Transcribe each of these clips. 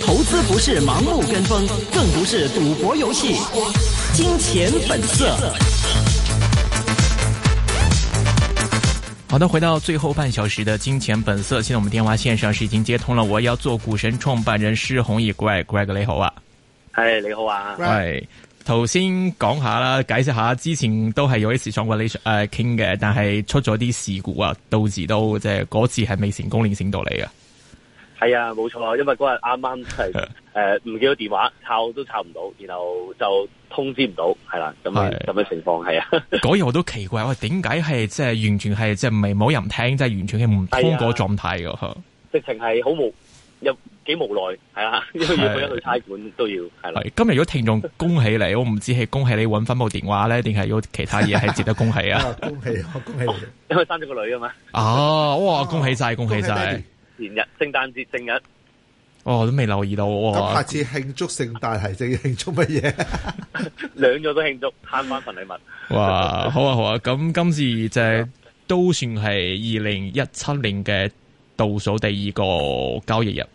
投資不是盲目跟風，更不是賭博遊戲，《金錢本色》本色。好的，回到最後半小時的《金錢本色》，現在我們電話線上是已經接通了。我要做股神創辦人施宏毅，國外 Greg，你好啊，嗨，你好啊，嗨。.頭先講下啦，解釋下之前都係有啲事創過你誒傾嘅，但係出咗啲事故啊，導致到時都即係嗰次係未成功連線到你啊。係啊，冇錯，因為嗰日啱啱係誒唔記到電話，抄都抄唔到，然後就通知唔到，係啦，咁啊咁嘅情況係啊。嗰 日我都奇怪，喂，點解係即係完全係即係唔係冇人聽，即係完全係唔通嗰個狀態噶，啊、 直情係好無。幾無奈係啊，都去一去差館都要係啦。今日如果聽眾恭喜你， 我唔知係恭喜你揾翻部電話咧，定係有其他嘢係值得恭喜啊！恭 喜、啊，恭喜你、哦！因為生咗個女啊嘛。哦、啊，哇！恭喜晒、啊，恭喜晒！前日聖誕節正日，哦，我都未留意到喎。下次慶祝聖誕係正慶祝乜嘢？兩 樣都慶祝，慳翻份禮物。 哇！好啊，好啊！咁今次就係、是、 都算係二零一七年嘅倒數第二個交易日。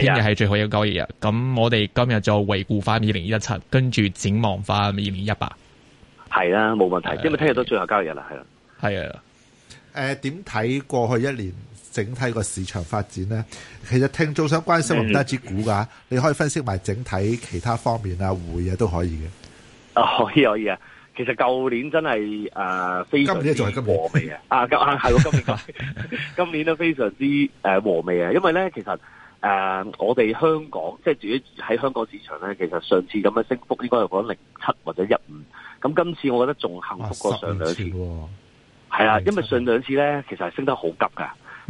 聽日係最後一個交易日，咁我哋今日就回顧翻二零一七，跟住展望翻二零一八。係啦，冇問題。因為聽日都最後交易日啦，係啦，係啊。誒、呃，點睇過去一年整體個市場發展咧？其實聽眾想關心唔單止股噶，你可以分析埋整體其他方面啊，匯啊都可以嘅、哦。可以，可以啊。其實舊年真係誒、呃，今年仲係咁和味啊，咁啊係咯、 啊啊， 今年今年都非常之誒、呃、和味啊，因為咧其實。誒、uh,，我哋香港即係自己喺香港市場咧，其實上次咁樣升幅應該係講零七或者一五，咁今次我覺得仲幸福過上兩次，係啦、啊、因為上兩次咧其實係升得好急噶，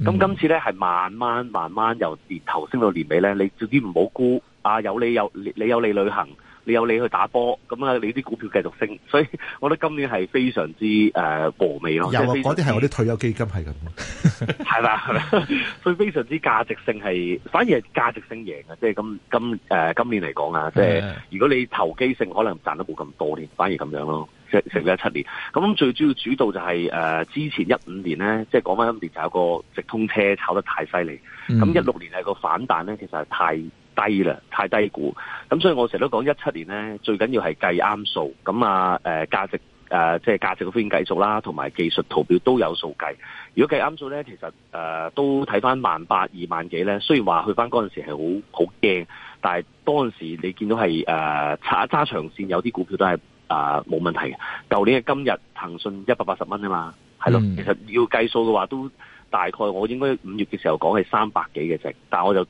咁、嗯、今次咧係慢慢慢慢由年頭升到年尾咧，你自己唔好估啊，有你有你有你旅行。你有你去打波，咁啊，你啲股票繼續升，所以我覺得今年係非、呃、非常之誒和味咯。有嗰啲係我啲退休基金係咁，係啦， 所以非常之價值性係，反而係價值性贏嘅，即係咁今誒、呃，今年嚟講啊，即係如果你投機性可能賺得冇咁多年，反而咁樣咯，即成咗七年。咁最主要主導就係、係、誒、呃，之前一五年咧，即係講翻今年，就有個直通車炒得太犀利，咁一六年係個反彈咧，其實係太低啦，太低估。咁所以我成日都講一七年咧，最緊要係計啱數。咁啊，誒、呃、價值誒、呃，即係價值嘅方面計數啦，同埋技術圖表都有數計。如果計啱數咧，其實誒、呃、都睇翻萬八二萬幾咧。雖然話去翻嗰陣時係好好驚，但係嗰陣時你見到係誒揸一揸長線，有啲股票都係誒冇問題嘅。舊年嘅今日騰訊一百八十蚊啊嘛，係咯、嗯。其實要計數嘅話，都大概我應該五月嘅時候講係三百幾嘅值，但係我就。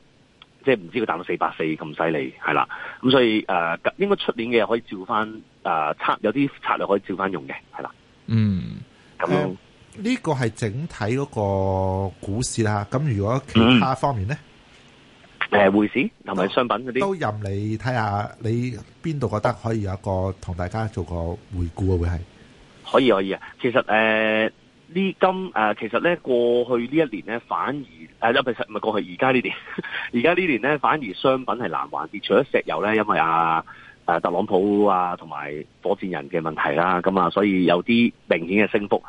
即係唔知佢打到四百四咁犀利，係啦，咁所以誒、呃，應該出年嘅可以照翻誒，策、呃、有啲策略可以照翻用嘅，係啦。嗯，咁樣呢、呃這個係整體嗰個股市啦。咁如果其他方面咧，誒、嗯，匯、呃、市同埋商品嗰啲都，都任你睇下，你邊度覺得可以有一個同大家做個回顧啊？會係可以，可以啊。其實誒。呃呢今誒，其實咧，過去呢一年咧反而誒，唔係實唔係過去，而家呢年而家呢年咧，反而商品係難環跌，除咗石油咧，因為啊誒特朗普啊同埋火箭人嘅問題啦，咁啊，所以有啲明顯嘅升幅。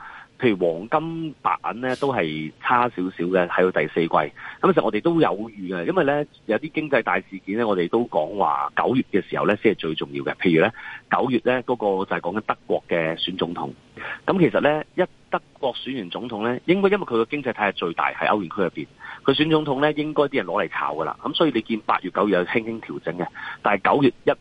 譬如黃金、白銀咧，都係差少少嘅，喺到第四季。咁其實我哋都有預嘅，因為咧有啲經濟大事件咧，我哋都講話九月嘅時候咧先係最重要嘅。譬如咧九月咧嗰個就係講緊德國嘅選總統。咁其實咧一德國選完總統咧，應該因為佢個經濟體係最大喺歐元區入邊，佢選總統咧應該啲人攞嚟炒㗎啦。咁所以你見八月、九月有輕輕調整嘅，但係九月一。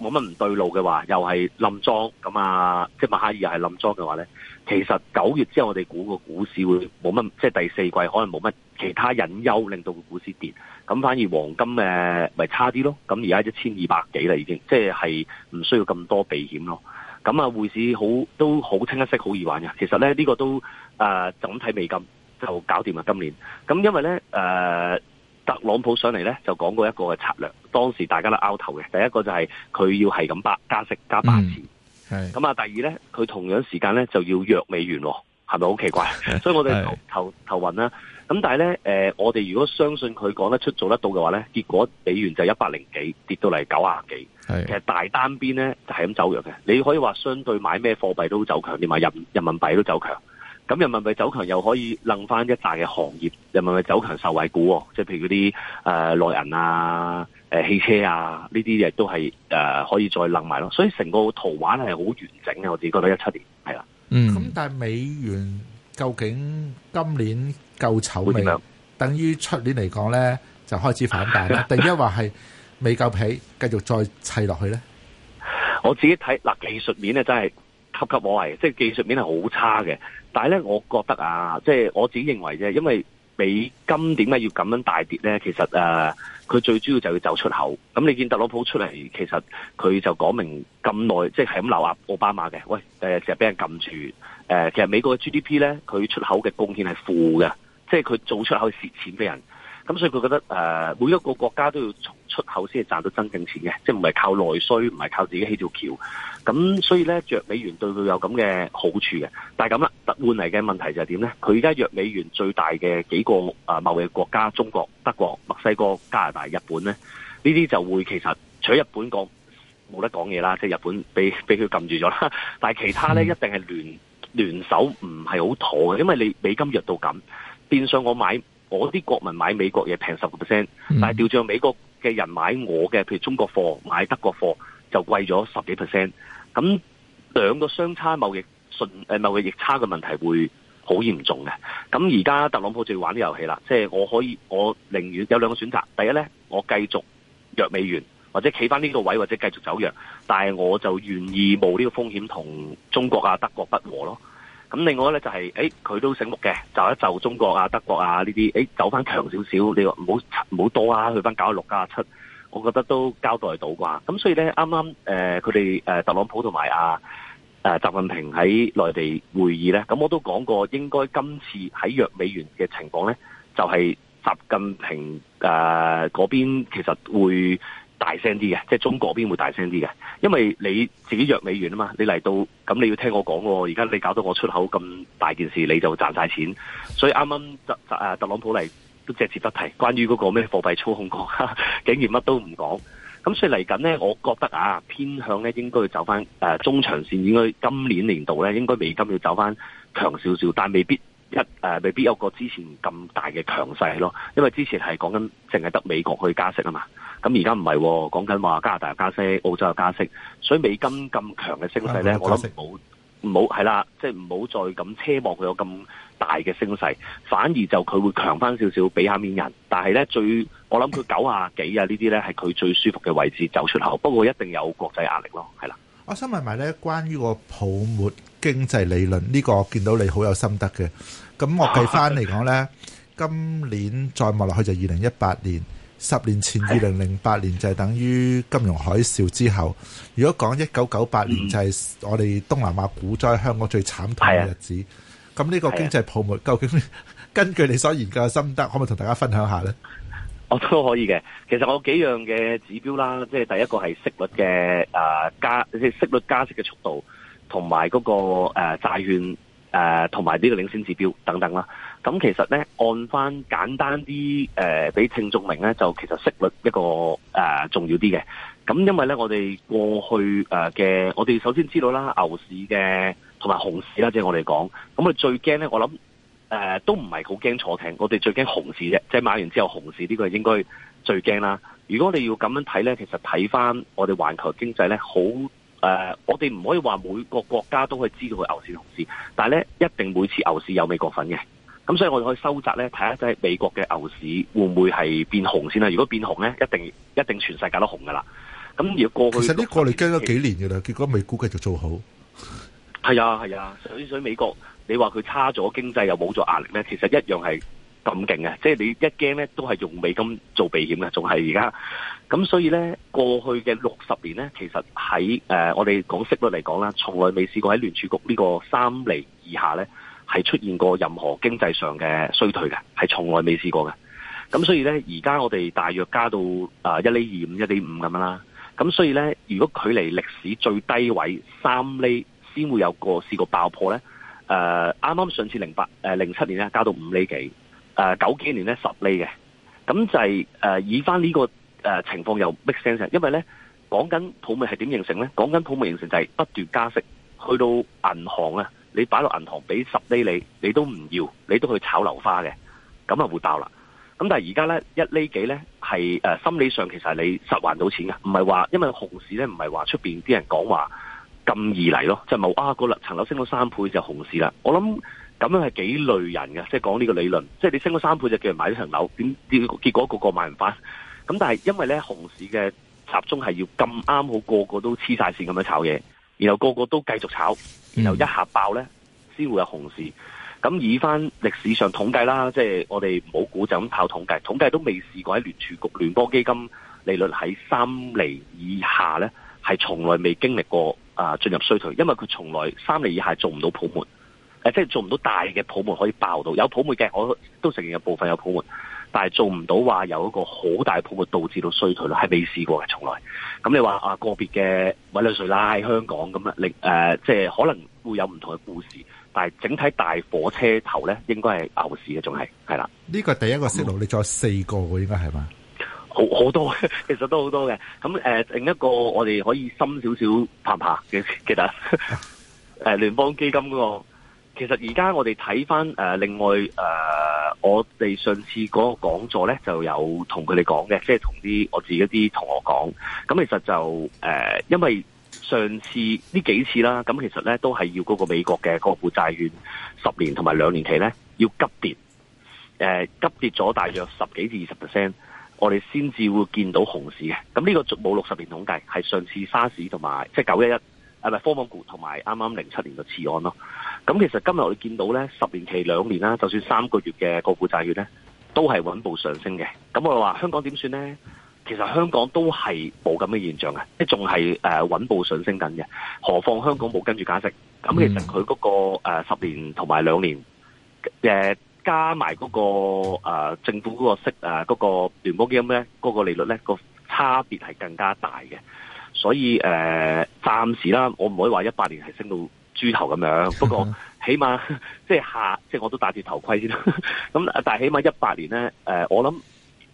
冇乜唔對路嘅話，又係冧莊。咁啊！即係默哈爾又係冧莊嘅話咧，其實九月之後我哋估個股市會冇乜，即、就、係、是、第四季可能冇乜其他隱憂令到個股市跌，咁反而黃金咪、呃、差啲咯。咁而家一千二百幾啦，已經即係唔需要咁多避險咯。咁啊，匯市好都好清一色，好易玩嘅。其實咧，呢、這個都就咁睇未咁，就搞掂啦。今年咁，因為咧誒。呃特朗普上嚟咧就講過一個嘅策略，當時大家都拗頭嘅。第一個就係佢要係咁加加息加八次，咁、嗯、啊第二咧佢同樣時間咧就要弱美元，係咪好奇怪？ 所以我哋頭頭，頭暈啦。咁但係咧誒，我哋如果相信佢講得出做得到嘅話咧，結果美元就一百零幾跌到嚟九廿幾，其實大單邊咧就係咁走弱嘅。你可以話相對買咩貨幣都走強，連埋人人民幣都走強。咁人民幣走強又可以掹翻一大嘅行業，人民幣走強受惠股，即係譬如嗰啲誒內銀啊，啊、汽車啊呢啲嘢都係誒、呃、可以再掹埋咯，所以成個圖畫係好完整嘅。我自己覺得一七年係啦。嗯，咁、嗯、但係美元究竟今年夠醜未？等於出年嚟講咧，就開始反彈啦定 一話係未夠皮，繼續再砌落去咧？我自己睇嗱技術面咧，真係。岌岌可危，即係技術面係好差嘅。但係咧，我覺得啊，即係我自己認為啫，因為美金點解要咁樣大跌咧？其實誒，佢、呃、最主要就係要走出口。咁你見特朗普出嚟，其實佢就講明咁耐，即係咁留壓奧巴馬嘅。喂誒，成日俾人撳住誒，其實美國嘅 GDP 咧，佢出口嘅貢獻係負嘅，即係佢做出口蝕錢俾人。咁所以佢覺得誒、呃，每一個國家都要從。出口先係賺到真正錢嘅，即係唔係靠內需，唔係靠自己起條橋。咁所以咧，弱美元對佢有咁嘅好處嘅。但係咁啦，換嚟嘅問題就係點咧？佢而家弱美元最大嘅幾個啊貿易國家，中國、德國、墨西哥、加拿大、日本咧，呢啲就會其實除咗日本講冇得講嘢啦，即係日本俾俾佢撳住咗啦。但係其他咧一定係聯聯手唔係好妥嘅，因為你美金弱到咁，變相我買我啲國民買美國嘢平十個 percent，但係掉轉美國嘅人買我嘅，譬如中國貨買德國貨就貴咗十幾 percent，咁兩個相差貿易順誒貿易逆差嘅問題會好嚴重嘅。咁而家特朗普就要玩啲遊戲啦，即係我可以我寧願有兩個選擇，第一呢，我繼續弱美元，或者企翻呢個位，或者繼續走弱，但係我就願意冒呢個風險同中國啊德國不和咯。咁另外咧就係，誒佢都醒目嘅，就一就中國啊德國啊呢啲，誒走翻強少少，你話唔好唔好多啊，去翻九啊六加啊七，我覺得都交代到啩。咁所以咧，啱啱誒佢哋誒特朗普同埋阿誒習近平喺內地會議咧，咁我都講過，應該今次喺弱美元嘅情況咧，就係習近平誒嗰邊其實會。大聲啲嘅，即係中國邊會大聲啲嘅？因為你自己弱美元啊嘛，你嚟到咁你要聽我講喎、哦。而家你搞到我出口咁大件事，你就賺晒錢。所以啱啱特特朗普嚟都隻字不提關於嗰個咩貨幣操控國家， 竟然乜都唔講。咁所以嚟緊呢，我覺得啊，偏向咧應該要走翻、啊、中長線，應該今年年度咧應該美金要走翻強少少，但未必一、啊、未必有個之前咁大嘅強勢咯。因為之前係講緊淨係得美國去加息啊嘛。咁而家唔係，講緊話加拿大有加息、澳洲有加息，所以美金咁強嘅升勢咧，我諗冇唔好，係啦，即係唔好再咁奢望佢有咁大嘅升勢，反而就佢會強翻少少，俾下面人。但係咧，最我諗佢九啊幾啊呢啲咧，係佢最舒服嘅位置走出口。不過一定有國際壓力咯，係啦。我想問埋咧，關於個泡沫經濟理論呢、呢個，見到你好有心得嘅。咁我計翻嚟講咧，今年再望落去就二零一八年。十年前，二零零八年就係等於金融海嘯之後。如果講一九九八年，就係我哋東南亞股災，香港最慘痛嘅日子。咁呢、啊、個經濟泡沫究竟，根據你所研究嘅心得，可唔可以同大家分享一下呢？我都可以嘅。其實我有幾樣嘅指標啦，即係第一個係息率嘅誒加，即係息率加息嘅速度，同埋嗰個誒債券誒同埋呢個領先指標等等啦。咁其實咧，按翻簡單啲，誒、呃、俾聽眾明咧，就其實息率一個誒、呃、重要啲嘅。咁因為咧，我哋過去誒嘅、呃，我哋首先知道啦，牛市嘅同埋熊市啦、就是呃，即係我哋講。咁我哋最驚咧，我諗誒都唔係好驚坐艇。我哋最驚熊市啫。即係買完之後，熊市呢、這個應該最驚啦。如果你要咁樣睇咧，其實睇翻我哋環球經濟咧，好誒、呃，我哋唔可以話每個國家都可以知道佢牛市熊市，但係咧一定每次牛市有美國份嘅。咁所以我哋去收集咧，睇下即係美國嘅牛市會唔會係變紅先啦？如果變紅咧，一定一定全世界都紅噶啦。咁如果過去其實呢個嚟驚咗幾年噶啦，結果美股繼續做好。係啊係啊，所以美國你話佢差咗經濟又冇咗壓力咧，其實一樣係咁勁嘅。即係你一驚咧，都係用美金做避險嘅，仲係而家。咁所以咧，過去嘅六十年咧，其實喺誒，呃，我哋講息率嚟講啦，從來未試過喺聯儲局呢個三厘以下咧。係出現過任何經濟上嘅衰退嘅，係從來未試過嘅。咁所以呢，而家我哋大約加到啊一厘二五、一厘五咁樣啦。咁所以呢，如果距離歷史最低位三厘先會有個試過爆破呢。誒啱啱上次零八誒零七年咧加到五厘幾，誒、呃、九幾年呢十厘嘅，咁就係、是、誒、呃、以翻、這、呢個誒、呃、情況又 make sense，因為呢，講緊泡沫係點形成呢？講緊泡沫形成就係不斷加息，去到銀行啊。你擺落銀行俾十厘你，你都唔要，你都去炒樓花嘅，咁啊會爆啦。咁但係而家呢，一厘幾呢係誒、呃、心理上其實你實還到錢㗎，唔係話因為熊市呢，唔係話出邊啲人講話咁易嚟咯，就係、是、冇啊、嗰層樓升到三倍就熊市啦。我諗咁樣係幾累人㗎。即係講呢個理論，即、就、係、是、你升到三倍就叫人買呢層樓，點結果個個買唔翻。咁但係因為呢，熊市嘅集中係要咁啱好個個都黐晒線咁樣炒嘢。然後個個都繼續炒，然後一下爆呢，先會有熊市。咁以翻歷史上統計啦，即、就、係、是、我哋冇估就咁跑統計，統計都未試過喺聯儲局聯邦基金利率喺三厘以下呢，係從來未經歷過啊、呃、進入衰退，因為佢從來三厘以下做唔到泡沫，呃、即係做唔到大嘅泡沫可以爆到有泡沫嘅，我都承認有部分有泡沫。但係做唔到話有一個好大泡沫導致到衰退啦，係未試過嘅，從來。咁你話啊個別嘅委內瑞拉、香港咁啊，誒、呃、即係可能會有唔同嘅故事，但係整體大火車頭咧，應該係牛市嘅，仲係係啦。呢個第一個 signal，你再四個嘅應該係嘛？好好多，其實都好多嘅。咁誒、呃，另一個我哋可以深少少拍拍嘅，其實誒聯邦基金嗰個。其實而家我哋睇翻誒，另外誒、呃，我哋上次嗰個講座咧，就有同佢哋講嘅，即係同啲我自己啲同學講。咁其實就誒、呃，因為上次呢幾次啦，咁其實咧都係要嗰個美國嘅國庫債券十年同埋兩年期咧，要急跌，誒、呃、急跌咗大約十幾至二十 percent，我哋先至會見到熊市嘅。咁呢個冇六十年統計，係上次沙士同埋即係九一一，誒唔係科網股同埋啱啱零七年嘅次按咯。咁其實今日我哋見到咧十年期兩年啦，就算三個月嘅國庫債券咧，都係穩步上升嘅。咁我哋話香港點算咧？其實香港都係冇咁嘅現象嘅，即係仲係誒穩步上升緊嘅。何況香港冇跟住加息，咁其實佢嗰個誒十年同埋兩年嘅加埋嗰個誒政府嗰個息誒嗰個聯邦基金咧嗰個利率咧個差別係更加大嘅。所以誒，暫時啦，我唔可以話一八年係升到。豬頭咁樣，不過起碼即係下，即係我都戴住頭盔先。咁但係起碼一八年咧，誒，我諗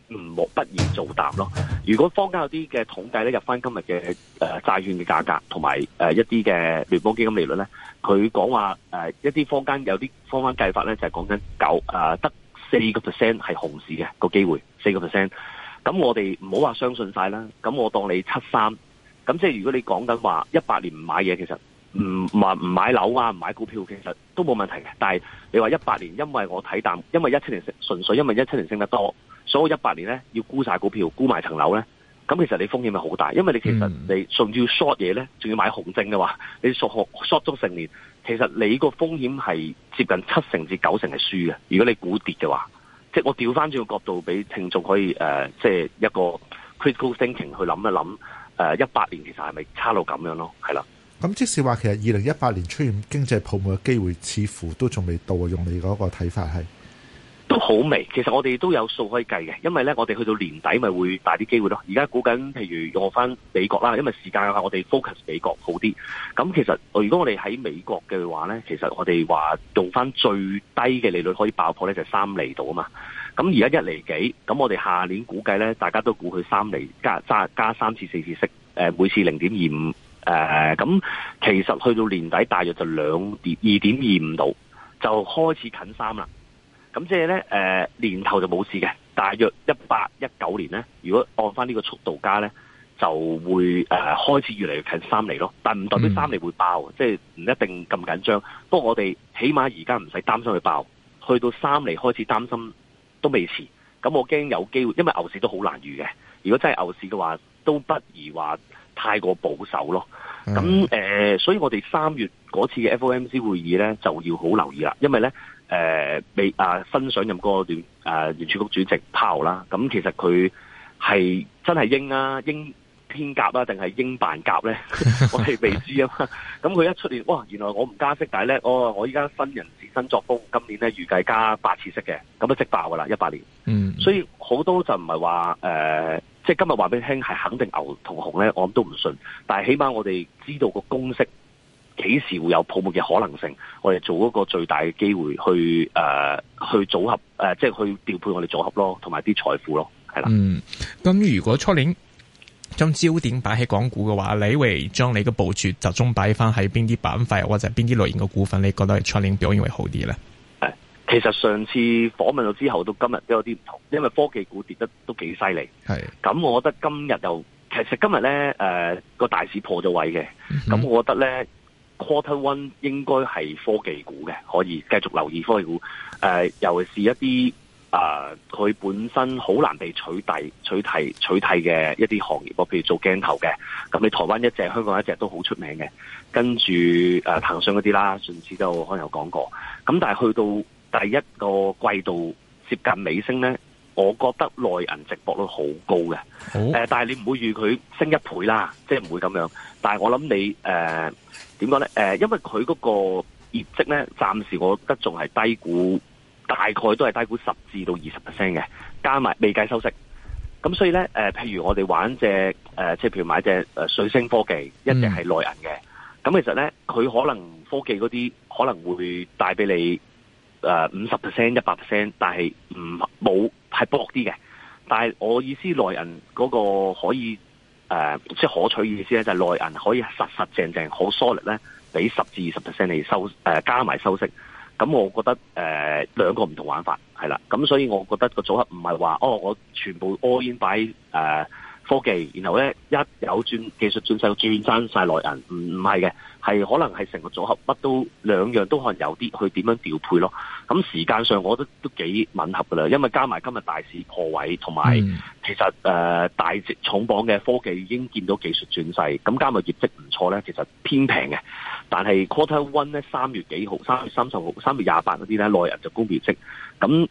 唔莫不宜做膽咯。如果坊間有啲嘅統計咧，入翻今日嘅誒債券嘅價格，同埋誒一啲嘅聯邦基金利率咧，佢講話誒一啲坊間有啲坊間計法咧，就係講緊九誒得四個 percent 係熊市嘅個機會，四個 percent。咁我哋唔好話相信晒啦。咁我當你七三，咁即係如果你講緊話一八年唔買嘢，其實。唔唔買樓啊，唔買股票其實都冇問題嘅。但係你話一八年因，因為我睇淡，因為一七年純粹因為一七年升得多，所以一八年呢要沽晒股票，沽埋層樓呢。咁其實你風險係好大。因為你其實你仲要 short 嘢呢，仲要買紅證嘅話，你數學 short 咗成年，其實你個風險係接近七成至九成係輸嘅。如果你估跌嘅話，即係我調翻轉個角度俾聽眾可以即係、呃就是、一個 critical thinking 去諗一諗誒，一、呃、八年其實係咪差到咁樣咯？係啦。咁即使話其實二零一八年出現經濟泡沫嘅機會，似乎都仲未到啊。用你嗰個睇法係都好微。其實我哋都有數可以計嘅，因為咧我哋去到年底咪會大啲機會咯。而家估緊譬如，用翻美國啦，因為時間嘅話我哋 focus 美國好啲。咁其實如果我哋喺美國嘅話咧，其實我哋話用翻最低嘅利率可以爆破咧就三厘度啊嘛。咁而家一厘幾，咁我哋下年估計咧，大家都估佢三厘加加加三次四次息，誒每次零點二五。誒、呃，咁其實去到年底大約就兩點二點二五度就開始近三啦。咁即係咧，誒、呃，年頭就冇事嘅。大約一八一九年咧，如果按翻呢個速度加咧，就會誒、呃、開始越嚟越近三厘咯。但唔代表三厘會爆，即係唔一定咁緊張。不過我哋起碼而家唔使擔心去爆，去到三厘開始擔心都未遲。咁我驚有機會，因為牛市都好難預嘅。如果真係牛市嘅話，都不如話。太過保守咯，咁誒、呃，所以我哋三月嗰次嘅 FOMC 會議咧就要好留意啦，因為咧，誒未啊新上任嗰個誒聯儲、呃、局主席 Powell 啦，咁其實佢係真係英啊英。應偏鴿啊，定係鷹扮鴿咧？我係未知啊。咁佢一出年，哇、哦！原來我唔加息，但係咧，我我依家新人事新作風，今年咧預計加八次息嘅，咁都即爆噶啦，一八年。嗯，所以好多就唔係話誒，即係今日話俾你聽係肯定牛同熊咧，我諗都唔信。但係起碼我哋知道個公式幾時會有泡沫嘅可能性，我哋做一個最大嘅機會去誒、呃、去組合誒、呃，即係去調配我哋組合咯，同埋啲財富咯，係啦。嗯，咁如果初年。將焦點擺喺港股嘅話，你會將你嘅部署集中擺翻喺邊啲板塊，或者邊啲類型嘅股份？你覺得出年表現會好啲咧？誒，其實上次訪問咗之後到今日都有啲唔同，因為科技股跌得都幾犀利。係咁，我覺得今日又其實今日咧誒個大市破咗位嘅，咁、嗯、我覺得咧 quarter one 應該係科技股嘅，可以繼續留意科技股。誒、呃，尤其是一啲啊、呃！佢本身好難被取締、取替、取替嘅一啲行業，我譬如做鏡頭嘅，咁你台灣一隻、香港一隻都好出名嘅。跟住誒，騰訊嗰啲啦，上次都可能有講過。咁但係去到第一個季度接近尾聲咧，我覺得內銀值博率好高嘅。誒、嗯呃，但係你唔會預佢升一倍啦，即係唔會咁樣。但係我諗你誒，點講咧？誒、呃，因為佢嗰個業績咧，暫時我覺得仲係低估。大概都係低估十至到二十 percent 嘅，加埋未計收息。咁所以咧，誒、呃，譬如我哋玩隻誒，即、呃、係譬如買隻誒，水星科技，嗯、一定係內銀嘅。咁其實咧，佢可能科技嗰啲可能會帶俾你誒五十 percent、呃、100%, 但是不沒是薄一百 percent，但係唔冇係薄啲嘅。但係我意思內銀嗰個可以誒、呃，即係可取意思咧，就係內銀可以實實正正好 solid 咧，俾十至二十 percent 你收誒、呃，加埋收息。咁我覺得誒、呃、兩個唔同玩法係啦，咁所以我覺得個組合唔係話哦，我全部 all in 擺誒。科技，然後咧一有轉技術轉勢轉翻曬內銀。唔唔係嘅，係可能係成個組合乜都兩樣都可能有啲去點樣調配咯。咁、嗯、時間上我覺得都都幾吻合噶啦，因為加埋今日大市破位同埋，其實誒、呃、大值重磅嘅科技已經見到技術轉勢，咁、嗯、加埋業績唔錯咧，其實偏平嘅。但係 quarter one 咧三月幾號、三月三十號、三月廿八嗰啲咧內銀就高業績，咁、嗯、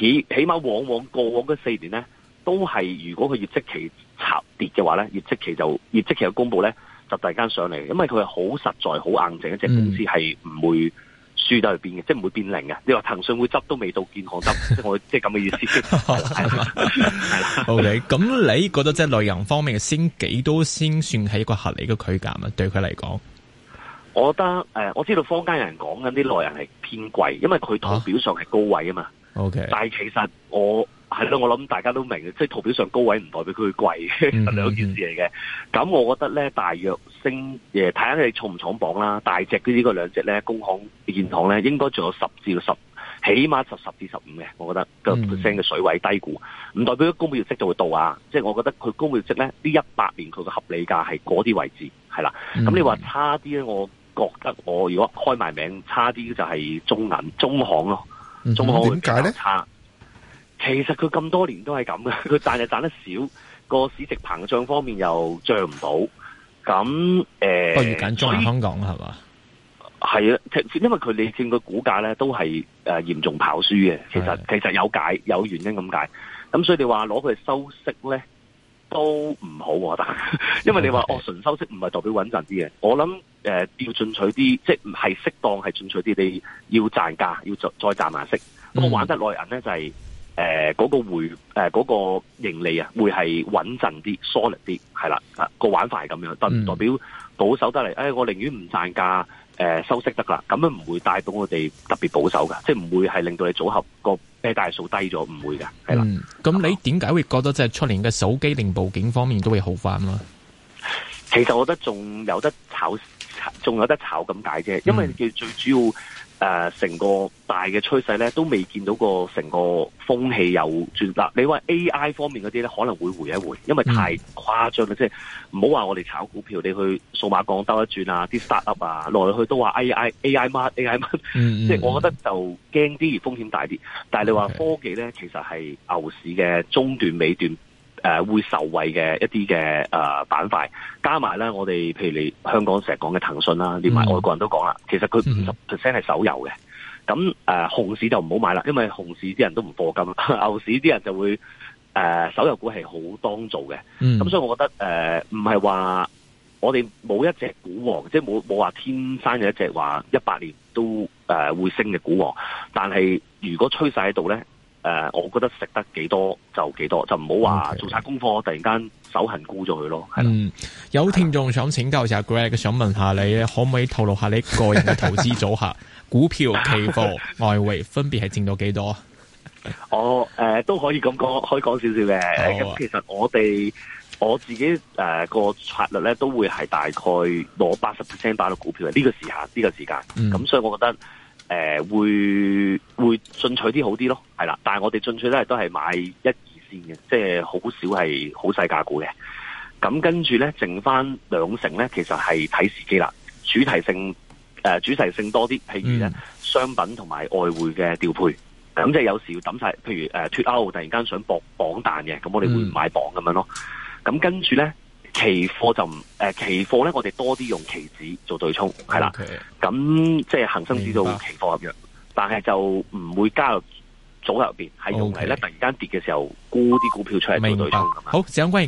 起起碼往往過往嗰四年咧都係如果佢業績期。下跌嘅話咧，業績期就業績期嘅公布咧，就突然間上嚟，因為佢係好實在、好硬淨一隻公司，係唔會輸得去邊嘅、嗯，即係唔會變零嘅。你話騰訊會執都未到建行執，我 即係咁嘅意思。係係啦。O K，咁你覺得即係內容方面，先幾多先算係一個合理嘅區間啊？對佢嚟講，我覺得誒、呃，我知道坊間有人講緊啲內容係偏貴，因為佢圖表上係高位啊嘛。啊、o、okay. K，但係其實我。係咯，我諗大家都明嘅，即係圖表上高位唔代表佢貴，兩、嗯、 件事嚟嘅。咁我覺得咧，大約升嘢，睇下你重唔重磅啦。大隻呢個兩隻咧，工行、建行咧，應該仲有十至到十，起碼十十至十五嘅，我覺得個 percent 嘅水位低估，唔、嗯、代表啲公保業績就會到啊。即、就、係、是、我覺得佢公保業績咧，呢一百年佢嘅合理價係嗰啲位置係啦。咁、嗯、你話差啲咧，我覺得我如果開埋名差啲，就係中銀、中行咯。中行點解咧？嗯其實佢咁多年都係咁嘅，佢賺就賺得少，個市值膨脹方面又漲唔到。咁誒，不如緊中香港係嘛？係啊，因為佢你見個股價咧都係誒嚴重跑輸嘅。其實其實有解有原因咁解。咁所以你話攞佢收息咧都唔好，但係因為你話哦純收息唔係代表穩陣啲嘅。我諗誒、呃、要進取啲，即係唔係適當係進取啲。你要賺價，要再再賺下息。咁、嗯、我玩得耐人咧就係、是。誒、呃，嗰、那個回誒，嗰、呃那個盈利啊，會係穩陣啲、solid 啲，係啦，個玩法係咁樣，但唔代表保守得嚟。誒、哎，我寧願唔賺價，誒、呃，收息得啦，咁樣唔會帶到我哋特別保守噶，即係唔會係令到你組合個 b 大數低咗，唔會噶，係啦。咁、嗯、你點解會覺得即係出年嘅手機、定報警方面都會好返啦？其實我覺得仲有得炒，仲有得炒咁解啫，因為最主要。誒、呃，成個大嘅趨勢咧，都未見到個成個風氣有轉。嗱，你話 A I 方面嗰啲咧，可能會回一回，因為太誇張啦、嗯，即係唔好話我哋炒股票，你去數碼港兜一轉啊，啲 startup 啊，來來去都話 A I A I 乜 A I 乜、嗯， 即係我覺得就驚啲而風險大啲。但係你話科技咧，Okay。其實係牛市嘅中段、尾段。誒、呃，會受惠嘅一啲嘅誒板塊，加埋咧，我哋譬如你香港成日講嘅騰訊啦，連埋外國人都講啦，其實佢五十 percent 係手遊嘅。咁誒、呃，熊市就唔好買啦，因為熊市啲人都唔課金，牛市啲人就會誒、呃，手遊股係好當做嘅。咁、嗯、所以我覺得誒，唔係話我哋冇一隻股王，即係冇冇話天生有一隻話一百年都誒、呃、會升嘅股王。但係如果趨勢喺度咧。誒、呃，我覺得食得幾多就幾多，就唔好話做晒功課，我突然間手痕沽咗佢咯。嗯，有聽眾想請教一下 Greg，想問一下你可唔可以透露一下你個人嘅投資組合， 股票、期貨、 外圍分別係佔到幾多？我、哦、誒、呃、都可以咁講，可以講少少嘅。咁、啊嗯、其實我哋我自己誒、呃、個策略咧，都會係大概攞八十 percent 擺到股票嘅呢、這個時下呢、這個時間。咁、嗯、所以我覺得。誒、呃，會會進取啲好啲咯，係啦，但係我哋進取咧都係買一、二線嘅，即係好少係好細價股嘅。咁跟住咧，剩翻兩成咧，其實係睇時機啦。主題性誒、呃，主題性多啲，譬如咧、嗯、商品同埋外匯嘅調配。咁即係有時要抌晒，譬如誒脫歐突然間想博榜彈嘅，咁我哋會買榜咁樣咯。咁跟住咧。期貨就唔，誒，期貨咧，我哋多啲用期指做對沖，係、okay，啦，咁即係恒生指數期貨合約，但係就唔會加入組合入邊，係、okay，用嚟咧突然間跌嘅時候沽啲股票出嚟做對沖咁樣。好，時間關係。